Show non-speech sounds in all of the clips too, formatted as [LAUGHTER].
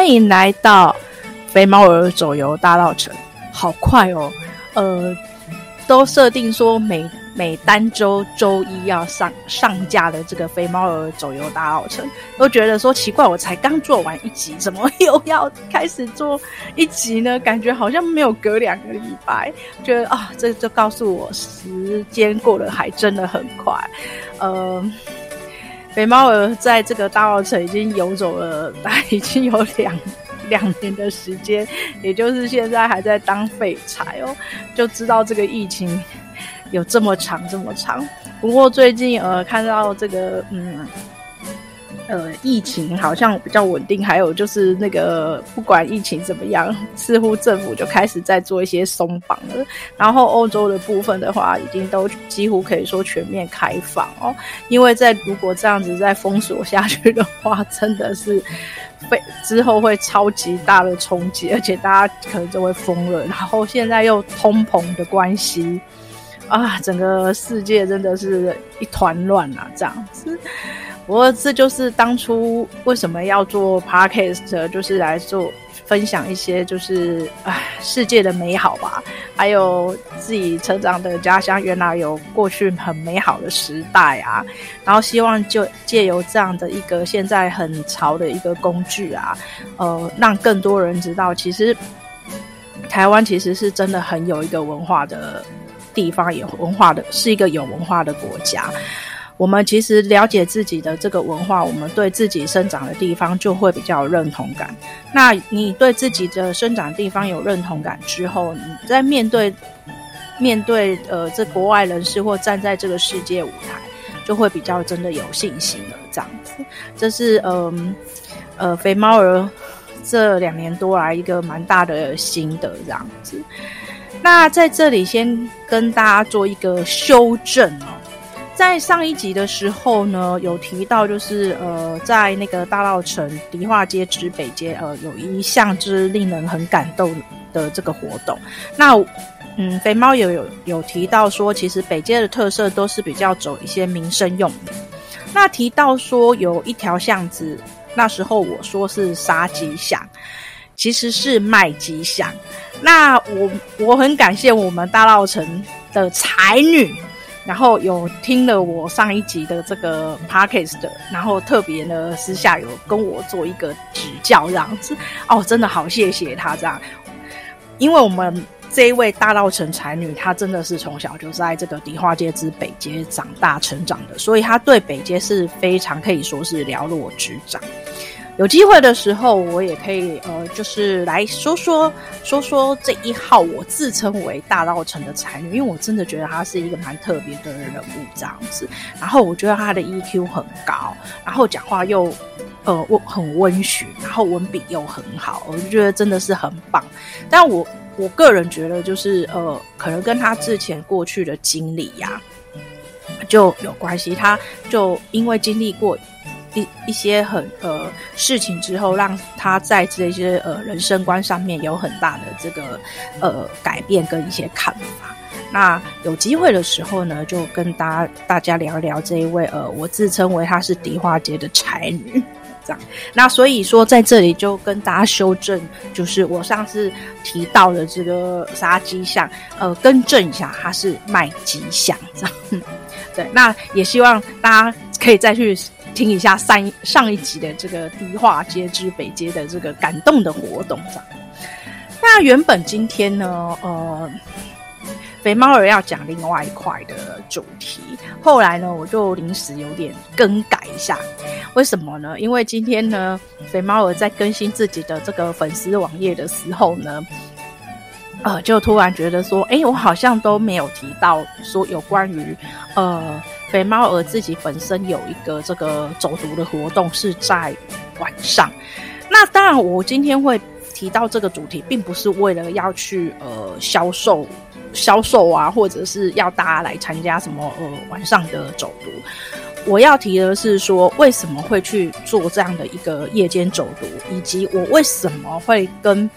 歡迎來到《肥貓兒走遊大稻埕》。好快哦，呃，都設定說每每單周周一要上上架的這個《肥貓兒走遊大稻埕》，都覺得說奇怪。我才剛做完一集，怎麼又要開始做一集呢？感覺好像沒有隔兩個禮拜，覺得啊、哦，這就告訴我時間過得還真的很快，呃。肥貓兒在這個大稻埕已經遊走了，大、啊、概已經有兩兩年的時間，也就是現在還在當廢柴哦，就知道這個疫情有這麼長這麼長。不過最近呃，看到這個嗯。呃，疫情好像比較穩定，還有就是那個不管疫情怎麼樣，似乎政府就開始在做一些鬆綁了。然後歐洲的部分的話，已經都幾乎可以說全面開放哦。因為在如果這樣子再封鎖下去的話，真的是被之後會超級大的衝擊，而且大家可能就會瘋了。然後現在又通膨的關係啊，整個世界真的是一團亂啊，這樣子。不過這就是當初為什麼要做 podcast，就是來做分享一些，就是唉，世界的美好吧，還有自己成長的家鄉原來有過去很美好的時代啊。然後希望就借由這樣的一個現在很潮的一個工具啊，呃，讓更多人知道，其實台灣其實是真的很有一個文化的地方，有文化的是一個有文化的國家。我們其實了解自己的這個文化，我們對自己生長的地方就會比較有認同感。那你對自己的生長的地方有認同感之後，你在面對面對呃這國外人士或站在這個世界舞台，就會比較真的有信心了。這樣子，這是呃呃肥貓兒這兩年多來一個蠻大的心得。這樣子，那在這裡先跟大家做一個修正哦。在上一集的時候呢，有提到就是呃，在那個大稻埕迪化街之北街，呃，有一巷子令人很感動的這個活動。那嗯，肥貓有有有提到說，其實北街的特色都是比較走一些民生用。那提到說有一條巷子，那時候我說是殺吉祥，其實是賣吉祥。那我我很感謝我們大稻埕的才女。然後有聽了我上一集的這個 podcast 的，然後特別呢私下有跟我做一個指教，這樣子哦，真的好謝謝他這樣，因為我們這一位大稻埕才女，她真的是從小就在這個迪化街之北街長大成長的，所以她對北街是非常可以說是瞭若指掌。有機會的時候，我也可以呃，就是來說說說說這一號，我自稱為大稻埕的才女，因為我真的覺得她是一個蠻特別的人物這樣子。然後我覺得她的 EQ 很高，然後講話又呃溫很溫煦，然後文筆又很好，我就覺得真的是很棒。但我我個人覺得，就是呃，可能跟她之前過去的經歷呀、啊、就有關係，她就因為經歷過。一一些很呃事情之後，讓他在這些呃人生觀上面有很大的這個呃改變跟一些看法。那有機會的時候呢，就跟大家大家聊一聊這一位呃，我自稱為他是迪化街的才女，這樣。那所以說在這裡就跟大家修正，就是我上次提到的這個殺雞巷，呃，更正一下，他是賣雞巷，這樣。對，那也希望大家可以再去。聽一下上一集的這個“迪化街之北街”的這個感動的活動。那原本今天呢，呃，肥貓兒要講另外一塊的主題，後來呢，我就臨時有點更改一下。為什麼呢？因為今天呢，肥貓兒在更新自己的這個粉絲網頁的時候呢。呃，就突然覺得說，誒、欸，我好像都沒有提到說有關於呃肥貓兒自己本身有一個這個走讀的活動是在晚上。那當然，我今天會提到這個主題，並不是為了要去呃銷售銷售啊，或者是要大家來參加什麼呃晚上的走讀。我要提的是說，為什麼會去做這樣的一個夜間走讀，以及我為什麼會跟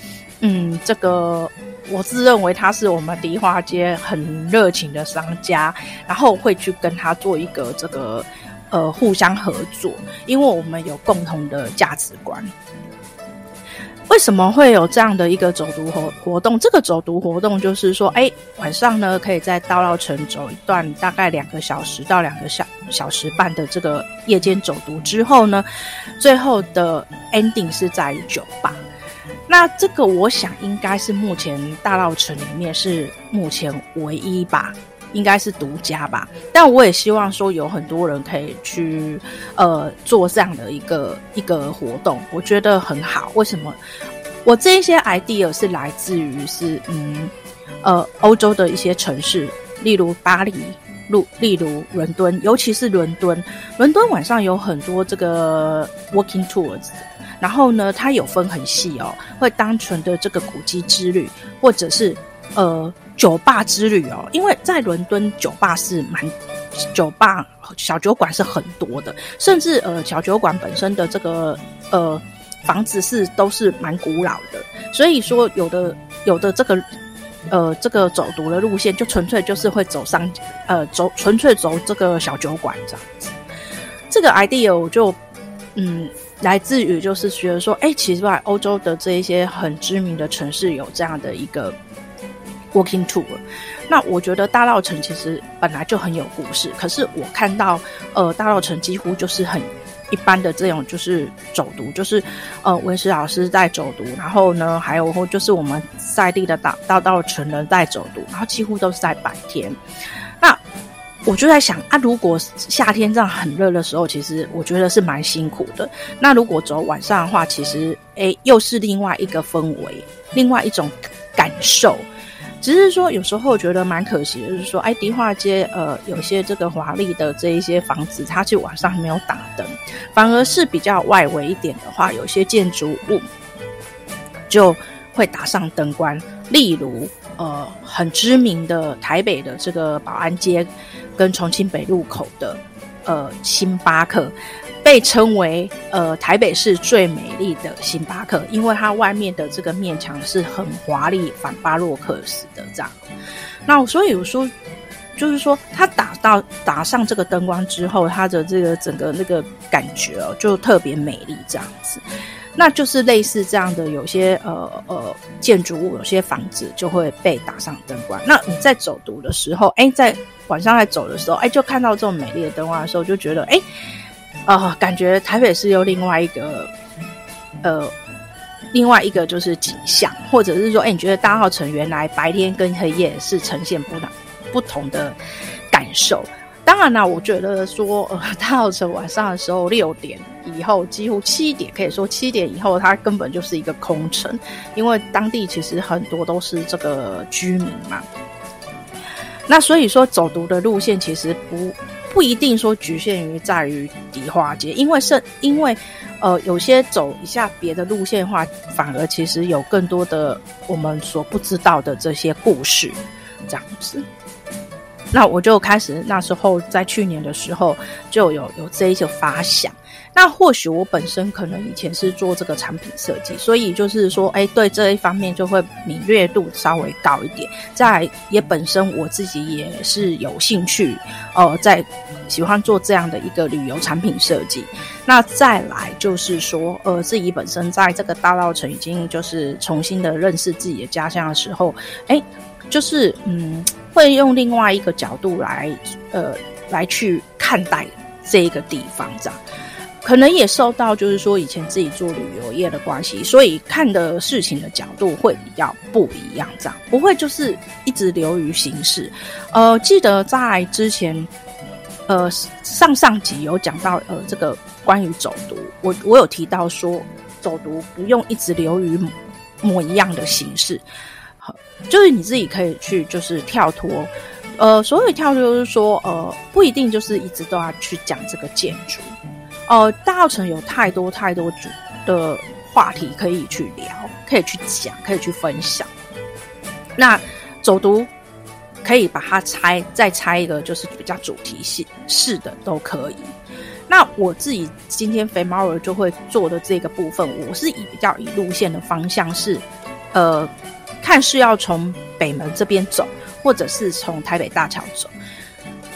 嗯這個。我自認為他是我們迪化街很熱情的商家，然後會去跟他做一個這個呃互相合作，因為我們有共同的價值觀。為什麼會有這樣的一個走讀活活動？這個走讀活動就是說，哎、欸，晚上呢可以在大稻埕走一段，大概兩個小時到兩個小小時半的這個夜間走讀之後呢，最後的 ending 是在酒吧。那這個我想應該是目前大稻埕裡面是目前唯一吧，應該是獨家吧。但我也希望說有很多人可以去呃做這樣的一個一個活動，我覺得很好。為什麼？我這一些 idea 是來自於是嗯呃歐洲的一些城市，例如巴黎，如例如倫敦，尤其是倫敦，倫敦晚上有很多這個 walking tours。然後呢，它有分很細哦，會單純的這個古蹟之旅，或者是呃酒吧之旅哦，因為在倫敦酒吧是蠻酒吧小酒館是很多的，甚至呃小酒館本身的這個呃房子是都是蠻古老的，所以說有的有的這個呃這個走讀的路線就純粹就是會走上呃走純粹走這個小酒館這樣子，這個 idea 我就嗯。來自於就是覺得說，哎、欸，其實吧，歐洲的這一些很知名的城市有這樣的一個 walking tour。那我覺得大稻埕其實本來就很有故事，可是我看到呃大稻埕幾乎就是很一般的這種就是走讀，就是呃文史老師在走讀，然後呢還有就是我們在地的導大,大稻埕人在走讀，然後幾乎都是在白天。那我就在想啊，如果夏天這樣很熱的時候，其實我覺得是蠻辛苦的。那如果走晚上的話，其實誒、欸、又是另外一個氛圍，另外一種感受。只是說有時候覺得蠻可惜，就是說，哎，迪化街呃，有些這個華麗的這一些房子，它就晚上還沒有打燈，反而是比較外圍一點的話，有些建築物就會打上燈光。例如呃，很知名的台北的這個保安街，跟重慶北路口的，呃，星巴克被稱為呃台北市最美麗的星巴克，因為它外面的這個面牆是很華麗、反巴洛克式的這樣。那所以有說，就是說它打到打上這個燈光之後，它的這個整個那個感覺哦，就特別美麗這樣子。那就是類似這樣的，有些呃呃建築物，有些房子就會被打上燈光。那你在走讀的時候，哎、欸，在晚上在走的時候，哎、欸，就看到這種美麗的燈光的時候，就覺得哎，啊、欸呃，感覺台北是有另外一個，呃，另外一個就是景象，或者是說，哎、欸，你覺得大稻埕原來白天跟黑夜是呈現不同不同的感受。當然啦、啊，我覺得說，呃，到了晚上的時候六點以後，幾乎七點，可以說七點以後，它根本就是一個空城，因為當地其實很多都是這個居民嘛。那所以說，走讀的路線其實不不一定說侷限於在於迪化街，因為是因為，呃，有些走一下別的路線的話，反而其實有更多的我們所不知道的這些故事，這樣子。那我就開始，那時候在去年的時候，就有有這一個發想。那或許我本身可能以前是做這個產品設計，所以就是說，哎、欸，對這一方面就會敏銳度稍微高一點。再來也本身我自己也是有興趣，呃，在喜歡做這樣的一個旅遊產品設計。那再來就是說，呃，自己本身在這個大稻埕已經就是重新的認識自己的家鄉的時候，哎、欸，就是嗯，會用另外一個角度來，呃，來去看待這個地方這樣。可能也受到，就是說以前自己做旅遊業的關係，所以看的事情的角度會比較不一樣，這樣不會就是一直流於形式。呃，記得在之前，呃，上上集有講到，呃，這個關於走讀，我我有提到說，走讀不用一直流於某一樣的形式，就是你自己可以去就是跳脫，呃，所謂跳脫就是說，呃，不一定就是一直都要去講這個建築。呃，大稻埕有太多太多主的話題可以去聊，可以去講，可以去分享。那走讀可以把它拆，再拆一個就是比較主題性式的都可以。那我自己今天肥貓兒就會做的這個部分，我是以比較以路線的方向是，呃，看是要從北門這邊走，或者是從台北大橋走。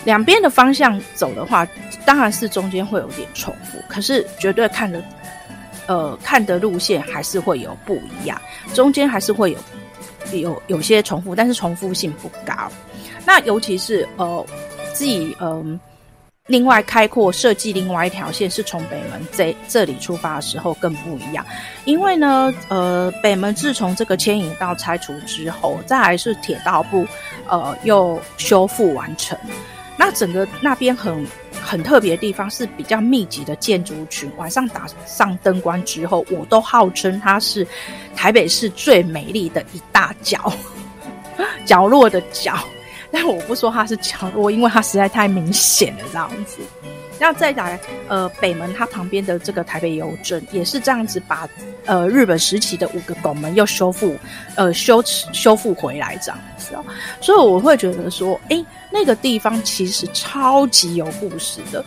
兩邊的方向走的話，當然是中間會有點重複，可是絕對看的，呃，看的路線還是會有不一樣，中間還是會有有有些重複，但是重複性不高。那尤其是呃自己嗯、呃，另外開闊設計另外一條線是從北門這這裡出發的時候更不一樣，因為呢呃北門自從這個牽引道拆除之後，再來是鐵道部呃又修復完成。那整個那邊很很特別的地方是比較密集的建築群，晚上打上燈光之後，我都號稱它是台北市最美麗的一大角，角落的角，但我不說它是角落，因為它實在太明顯了，這樣子。然後再來，呃，北門它旁邊的這個台北郵政也是這樣子把，呃，日本時期的五個拱門又修復，呃，修修復回來這樣子哦。所以我會覺得說，哎，那個地方其實超級有故事的。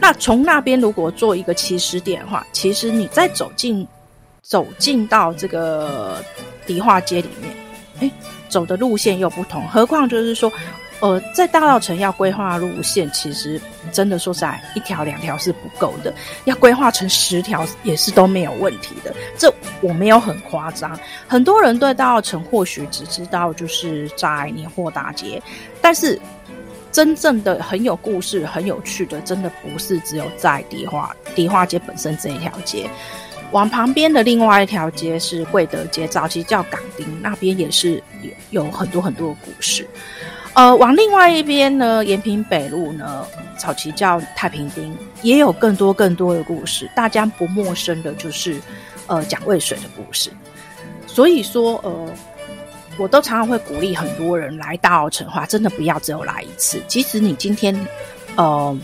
那從那邊如果做一個起始點的話，其實你再走進走進到這個迪化街裡面，哎，走的路線又不同，何況就是說。呃，在大稻埕要規劃路線，其實真的說實在，一條兩條是不夠的，要規劃成十條也是都沒有問題的。這我沒有很誇張。很多人對大稻埕或許只知道就是在年貨大街，但是真正的很有故事、很有趣的，真的不是只有在迪化迪化街本身這一條街，往旁邊的另外一條街是貴德街，早期叫港町，那邊也是有，有很多很多的故事。呃，往另外一邊呢，延平北路呢，早期叫太平町，也有更多更多的故事。大家不陌生的，就是呃，蔣渭水的故事。所以說，呃，我都常常會鼓勵很多人來大稻埕的話，話真的不要只有來一次。即使你今天，呃，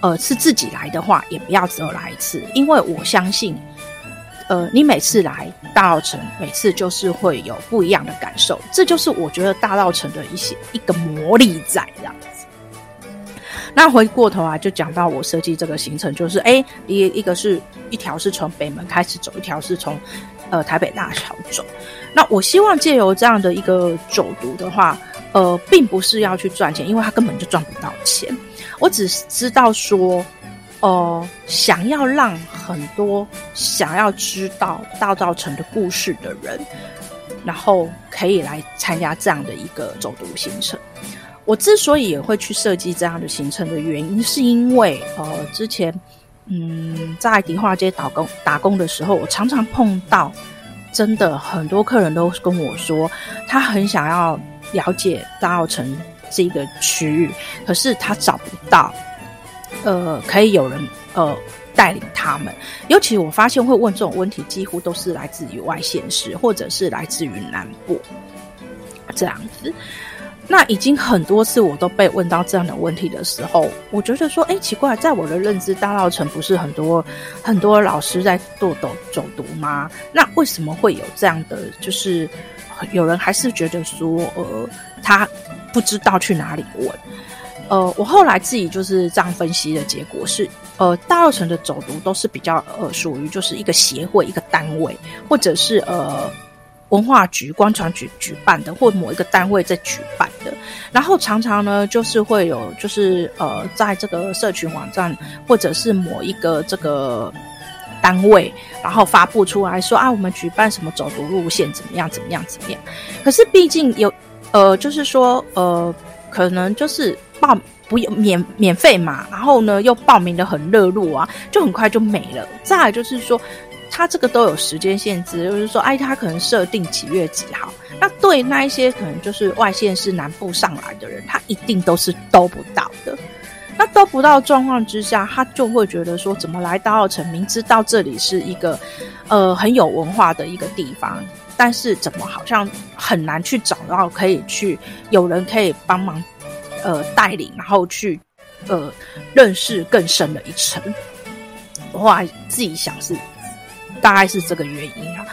呃，是自己來的話，也不要只有來一次，因為我相信。呃，你每次來大稻埕，每次就是會有不一樣的感受，這就是我覺得大稻埕的一些一個魔力在這樣子。那回過頭啊，就講到我設計這個行程，就是，誒，一一個是一條是從北門開始走，一條是從呃台北大橋走。那我希望借由這樣的一個走讀的話，呃，並不是要去賺錢，因為他根本就賺不到錢。我只是知道說。哦、呃，想要讓很多想要知道大稻埕的故事的人，然後可以來參加這樣的一個走讀行程。我之所以也會去設計這樣的行程的原因，是因為哦、呃，之前嗯，在迪化街打工打工的時候，我常常碰到真的很多客人都跟我說，他很想要了解大稻埕這個區域，可是他找不到。呃，可以有人呃帶領他們，尤其我發現會問這種問題，幾乎都是來自於外縣市，或者是來自於南部這樣子。那已經很多次我都被問到這樣的問題的時候，我覺得說，哎，奇怪，在我的認知，大稻埕不是很多很多老師在做走走讀嗎？那為什麼會有這樣的，就是有人還是覺得說，呃，他不知道去哪裡問？呃，我後來自己就是這樣分析的結果是，呃，大稻埕的走讀都是比較呃，屬於就是一個協會、一個單位，或者是呃文化局、觀傳局舉辦的，或某一個單位在舉辦的。然後常常呢，就是會有，就是呃，在這個社群網站，或者是某一個這個單位，然後發布出來說啊，我們舉辦什麼走讀路線，怎麼樣，怎麼樣，怎麼樣。可是畢竟有呃，就是說呃，可能就是。報不用免免費嘛，然後呢又報名的很熱絡啊，就很快就沒了。再來就是說，他這個都有時間限制，就是說，哎、啊，他可能設定幾月幾號，那對那一些可能就是外縣市南部上來的人，他一定都是兜不到的。那兜不到狀況之下，他就會覺得說，怎麼來到稻埕，明知道這裡是一個呃很有文化的一個地方，但是怎麼好像很難去找到可以去有人可以幫忙。呃，帶領然後去呃認識更深的一層，我後來自己想，是大概是這個原因啊。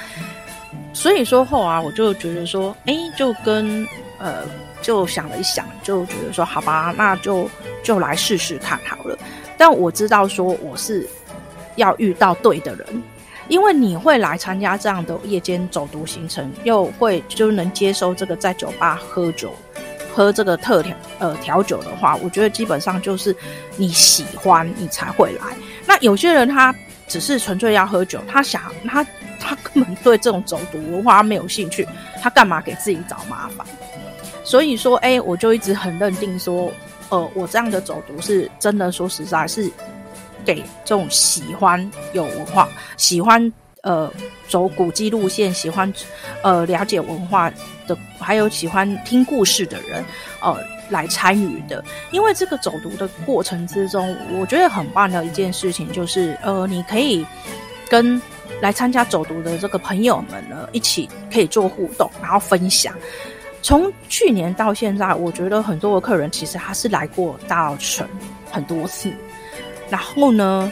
所以說後啊，我就覺得說，哎、欸，就跟呃，就想了一想，就覺得說，好吧，那就就來試試看好了。但我知道說我是要遇到對的人，因為你會來參加這樣的夜間走讀行程，又會就能接受這個在酒吧喝酒。喝這個特調呃調酒的話，我覺得基本上就是你喜歡你才會來。那有些人他只是純粹要喝酒，他想他他根本對這種走讀文化沒有興趣，他幹嘛給自己找麻煩？所以說，誒、欸，我就一直很認定說，呃，我這樣的走讀是真的，說實在是給這種喜歡有文化喜歡。呃，走古蹟路線，喜歡呃了解文化的，還有喜歡聽故事的人，呃來參與的。因為這個走讀的過程之中，我覺得很棒的一件事情就是，呃，你可以跟來參加走讀的這個朋友們呢，一起可以做互動，然後分享。從去年到現在，我覺得很多的客人其實他是來過大稻埕很多次，然後呢。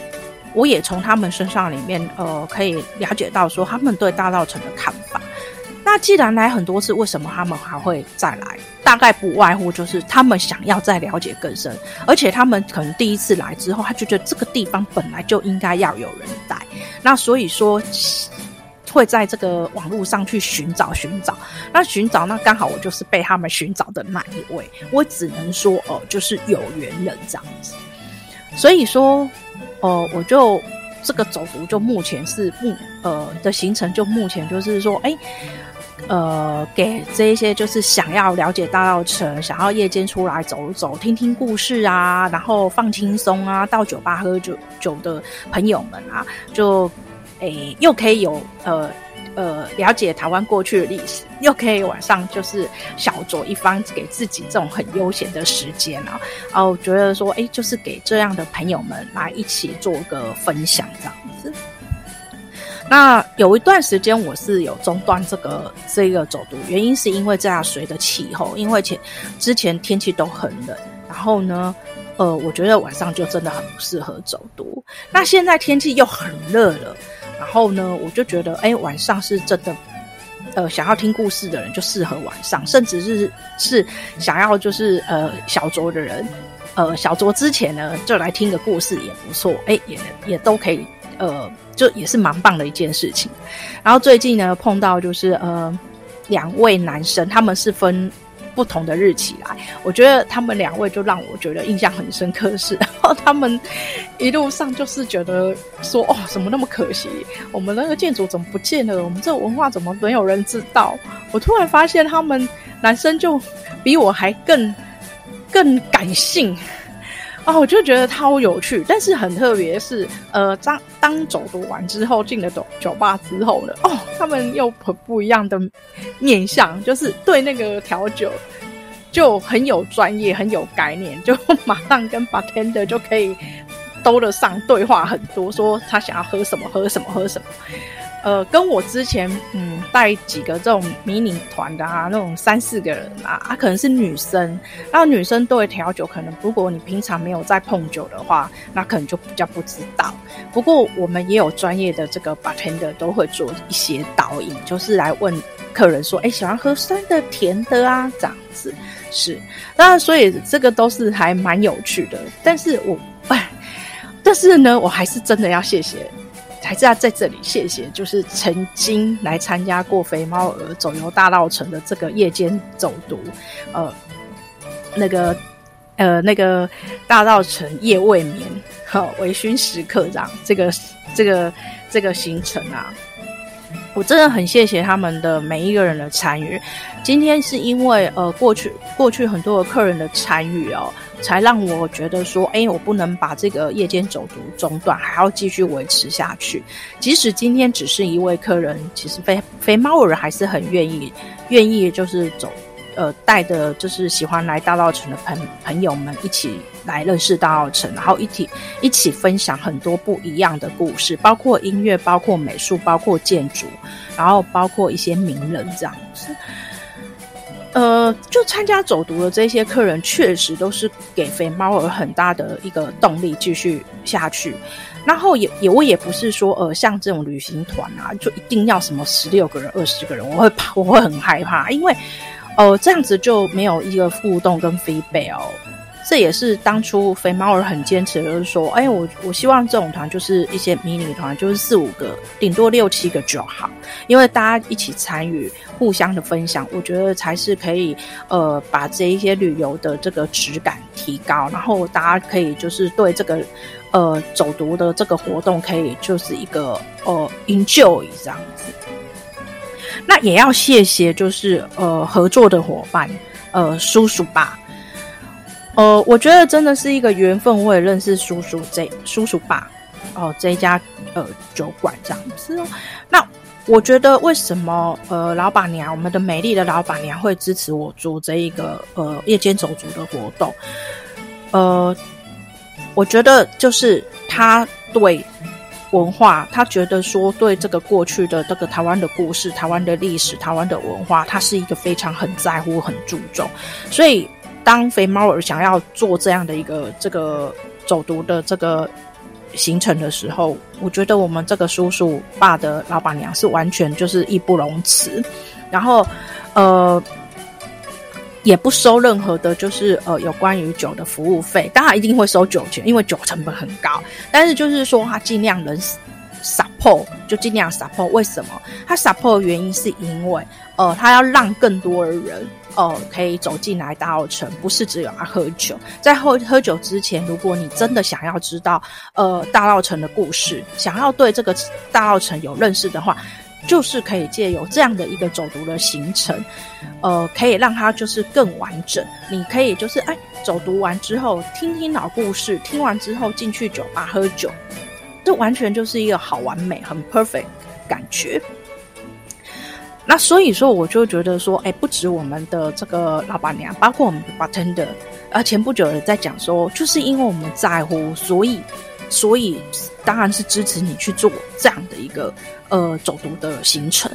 我也從他們身上裡面，呃，可以了解到說他們對大稻埕的看法。那既然來很多次，為什麼他們還會再來？大概不外乎就是他們想要再了解更深，而且他們可能第一次來之後，他就覺得這個地方本來就應該要有人帶。那所以說，會在這個網絡上去尋找尋找。那尋找，那剛好我就是被他們尋找的那一位。我只能說，哦、呃，就是有緣人這樣子。所以說。哦、呃，我就這個走讀，就目前是目呃的行程，就目前就是說，哎、欸，呃，給這一些就是想要了解大稻埕，想要夜間出來走走、聽聽故事啊，然後放輕鬆啊，到酒吧喝酒酒的朋友們啊，就哎、欸、又可以有呃。呃，了解台灣過去的歷史，又可以晚上就是小酌一番，給自己這種很悠閒的時間啊。然後我覺得說，哎、欸，就是給這樣的朋友們來一起做個分享這樣子。那有一段時間我是有中斷這個這個走讀，原因是因為這樣隨着氣候，因為前之前天氣都很冷，然後呢，呃，我覺得晚上就真的很不適合走讀。那現在天氣又很熱了。然後呢，我就覺得，哎，晚上是真的，呃，想要聽故事的人就適合晚上，甚至是是想要就是呃小酌的人，呃小酌之前呢就來聽個故事也不錯，哎，也也都可以，呃，就也是蠻棒的一件事情。然後最近呢，碰到就是呃兩位男生，他們是分不同的日期來，我覺得他們兩位就讓我覺得印象很深刻的是。他們一路上就是覺得說：“哦，怎麼那麼可惜？我們那個建築怎麼不見了？我們這個文化怎麼沒有人知道？”我突然發現，他們男生就比我還更更感性哦，我就覺得超有趣，但是很特別是。是呃，當當走讀完之後，進了酒酒吧之後呢，哦，他們又很不一樣的面相，就是對那個調酒。就很有專業，很有概念，就馬上跟 bartender 就可以兜得上對話很多，說他想要喝什麼，喝什麼，喝什麼。呃，跟我之前嗯帶幾個這種迷你團的啊，那種三四個人啊，啊可能是女生，然後女生都會調酒，可能如果你平常沒有在碰酒的話，那可能就比較不知道。不過我們也有專業的這個 bartender 都會做一些導引，就是來問客人說，哎、欸，喜歡喝酸的、甜的啊，這樣子。是，當然，所以這個都是還蠻有趣的。但是我哎，但是呢，我還是真的要謝謝，還是要在這裡謝謝，就是曾經來參加過《肥貓兒走遊大稻埕》的這個夜間走讀，呃，那個呃那個大稻埕夜未眠和微醺時刻長，這個這個這個行程啊。我真的很謝謝他們的每一個人的參與。今天是因為呃過去過去很多的客人的參與哦，才讓我覺得說，哎、欸，我不能把這個夜間走讀中斷，還要繼續維持下去。即使今天只是一位客人，其實肥肥貓兒還是很願意願意就是走。呃，帶的就是喜歡來大稻埕的朋朋友們一起來認識大稻埕，然後一起一起分享很多不一樣的故事，包括音樂，包括美術，包括建築，然後包括一些名人這樣子。呃，就參加走讀的這些客人，確實都是給肥貓兒很大的一個動力繼續下去。然後也也我也不是說，呃，像這種旅行團啊，就一定要什麼十六個人、二十個人，我會怕，我會很害怕，因為。哦、呃，這樣子就沒有一個互動跟 feedback 哦，這也是當初肥貓兒很堅持，就是說，哎、欸，我我希望這種團就是一些迷你團，就是四五個，頂多六七個就好，因為大家一起參與，互相的分享，我覺得才是可以，呃，把這一些旅遊的這個質感提高，然後大家可以就是對這個呃走讀的這個活動可以就是一個哦、呃、enjoy 這樣子。那也要謝謝，就是呃合作的夥伴，呃 SUSU 吧，呃我覺得真的是一個緣分，我也認識 SUSU 這 SUSU 吧，哦、呃，這家呃酒館這樣子哦。那我覺得為什麼呃老闆娘，我們的美麗的老闆娘會支持我做這一個呃夜間走讀的活動？呃，我覺得就是他對。文化，他覺得說對這個過去的這個台灣的故事、台灣的歷史、台灣的文化，他是一個非常很在乎、很注重。所以，當肥貓兒想要做這樣的一個這個走讀的這個行程的時候，我覺得我們這個 SUSU 吧的老闆娘是完全就是義不容辭。然後，呃。也不收任何的，就是呃，有關於酒的服務費。當然一定會收酒錢，因為酒成本很高。但是就是說，他盡量能 support，就盡量 support。為什麼他 support 的原因，是因為呃，他要讓更多的人呃，可以走進來大稻埕，不是只有他喝酒。在喝喝酒之前，如果你真的想要知道呃大稻埕的故事，想要對這個大稻埕有認識的話。就是可以借由這樣的一個走讀的行程，呃，可以讓它就是更完整。你可以就是哎，走讀完之後聽聽老故事，聽完之後進去酒吧喝酒，這完全就是一個好完美、很 perfect 感覺。那所以說，我就覺得說，哎，不止我們的這個老闆娘，包括我們的 bartender，呃，前不久也在講說，就是因為我們在乎，所以，所以當然是支持你去做這樣的一個。呃，走讀的行程，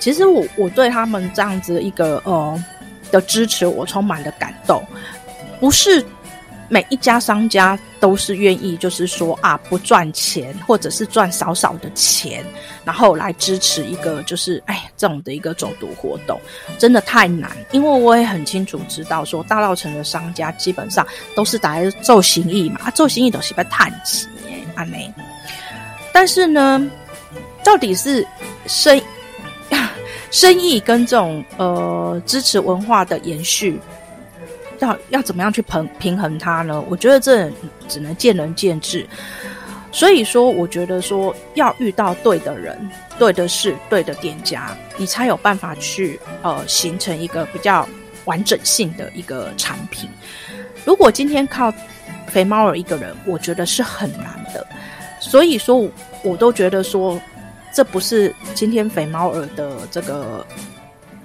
其實我我對他們這樣子一個呃的支持，我充滿了感動。不是每一家商家都是願意，就是說啊，不賺錢或者是賺少少的錢，然後來支持一個就是哎這種的一個走讀活動，真的太難。因為我也很清楚知道說，說大稻埕的商家基本上都是打在做生意嘛，啊、做生意都是要賺錢，安內。但是呢。到底是生生意，跟這種呃支持文化的延續，要要怎麼樣去平平衡它呢？我覺得這只能見仁見智。所以說，我覺得說要遇到對的人、對的事、對的店家，你才有辦法去呃形成一個比較完整性的一個產品。如果今天靠肥貓兒一個人，我覺得是很難的。所以說，我都覺得說。這不是今天肥貓兒的這個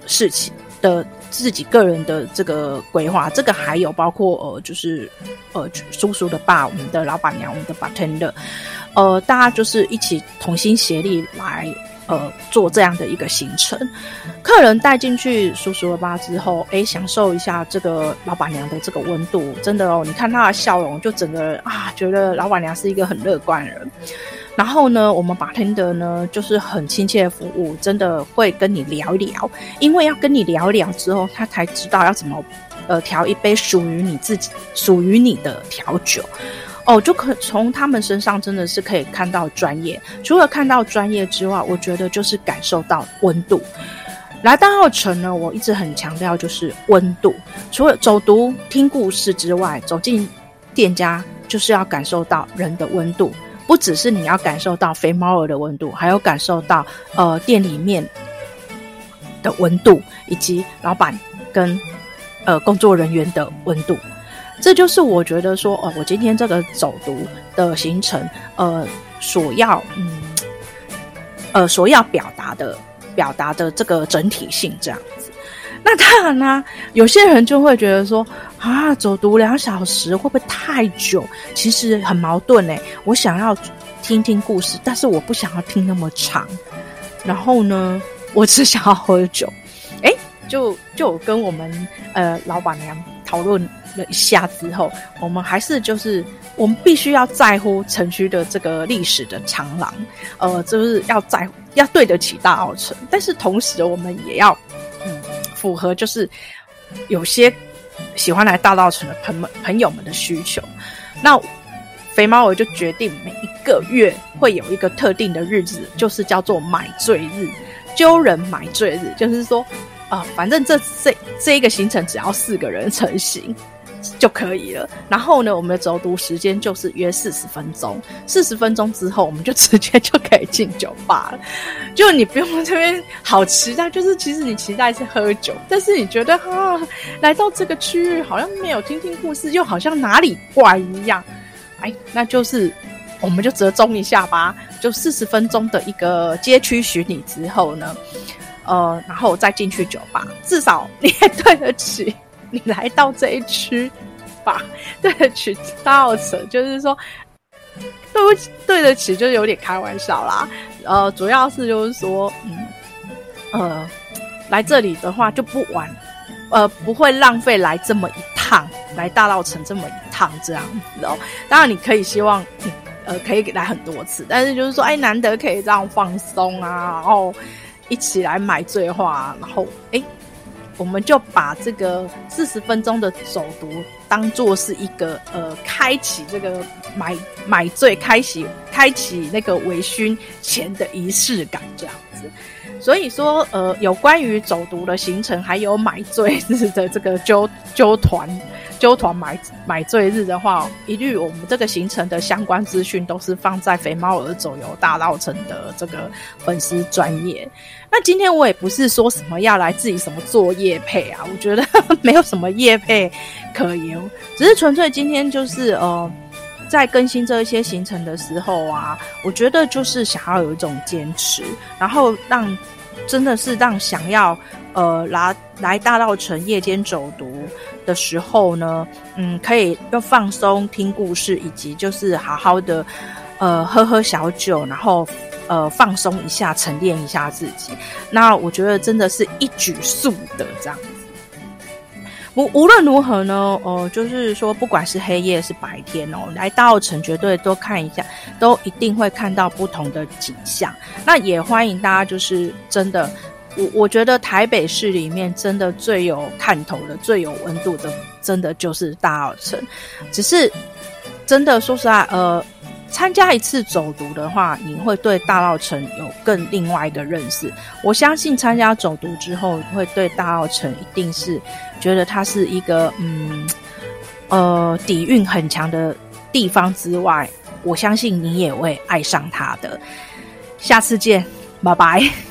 事情的自己個人的這個規劃，這個還有包括呃，就是呃，SUSU 的吧，我們的老闆娘，我們的 bartender 的，呃，大家就是一起同心協力來呃做這樣的一個行程。客人帶進去 SUSU 的吧之後，哎，享受一下這個老闆娘的這個溫度，真的哦，你看他的笑容，就整個人啊，覺得老闆娘是一個很樂觀人。然後呢，我們 Bartender 呢，就是很親切的服務，真的會跟你聊一聊，因為要跟你聊一聊之後，他才知道要怎麼，呃，調一杯屬於你自己、屬於你的調酒。哦，就可從他們身上真的是可以看到專業。除了看到專業之外，我覺得就是感受到溫度。來大稻埕呢，我一直很強調就是溫度。除了走讀、聽故事之外，走進店家就是要感受到人的溫度。不只是你要感受到肥貓兒的溫度，還有感受到呃店裡面的溫度，以及老闆跟呃工作人員的溫度。這就是我覺得說哦，呃，我今天這個走讀的行程，呃，所要嗯呃所要表達的表達的這個整體性這樣。那當然啦，啊，有些人就會覺得說啊，走讀兩小時會不會太久？其實很矛盾嘞，欸。我想要聽聽故事，但是我不想要聽那麼長。然後呢，我只想要喝酒。哎，欸，就就跟我們呃老闆娘討論了一下之後，我們還是就是我們必須要在乎埕區的這個歷史的長廊，呃，就是要在乎要對得起大稻埕，但是同時我們也要。符合，就是有些喜歡來大稻埕的朋朋友們的需求，那肥貓我就決定每一個月會有一個特定的日子，就是叫做買醉日，揪人買醉日，就是說啊、呃，反正這這這一個行程只要四個人成行。就可以了。然後呢，我們的走讀時間就是約四十分鐘。四十分鐘之後，我們就直接就可以進酒吧了。就你不用這邊好期待，就是其實你期待是喝酒，但是你覺得哈、啊，來到這個區域好像沒有聽聽故事，又好像哪裡怪一樣。哎，那就是我們就折中一下吧。就四十分鐘的一個街區巡禮之後呢，呃，然後再進去酒吧，至少你也對得起。你來到這一區，吧？對得起大稻埕，就是說，對不起，對得起就有點開玩笑啦。呃，主要是就是說，嗯，呃，來這裡的話就不玩，呃，不會浪費來這麼一趟，來大稻埕這麼一趟這樣子哦。當然你可以希望，嗯，呃，可以來很多次，但是就是說，哎，難得可以這樣放鬆啊，然後一起來買醉話，然後哎。誒我們就把這個四十分鐘的走讀當做是一個呃，開啟這個買買醉，開啟開啟那個微醺前的儀式感這樣子。所以說，呃，有關於走讀的行程，還有買醉的這個揪揪團。揪團買買醉日的話，一律我們這個行程的相關資訊都是放在“肥貓兒走遊大稻埕”的這個粉絲專頁。那今天我也不是說什麼要來自己什麼作業配啊，我覺得 [LAUGHS] 沒有什麼業配可言，只是純粹今天就是呃，在更新這一些行程的時候啊，我覺得就是想要有一種堅持，然後讓真的是讓想要呃拿來,來大稻埕夜間走讀。的時候呢，嗯，可以用放鬆聽故事，以及就是好好的，呃，喝喝小酒，然後呃，放鬆一下，沉澱一下自己。那我覺得真的是一舉數得這樣子。無，無論如何呢，呃，就是說，不管是黑夜是白天哦、喔，來到城絕對都看一下，都一定會看到不同的景象。那也歡迎大家，就是真的。我我覺得台北市裡面真的最有看頭的，最有溫度的，真的就是大稻埕。只是真的說實在，呃，參加一次走讀的話，你會對大稻埕有更另外一個認識。我相信參加走讀之後，會對大稻埕一定是覺得它是一個嗯呃底蘊很強的地方之外，我相信你也會愛上它的。下次見，拜拜。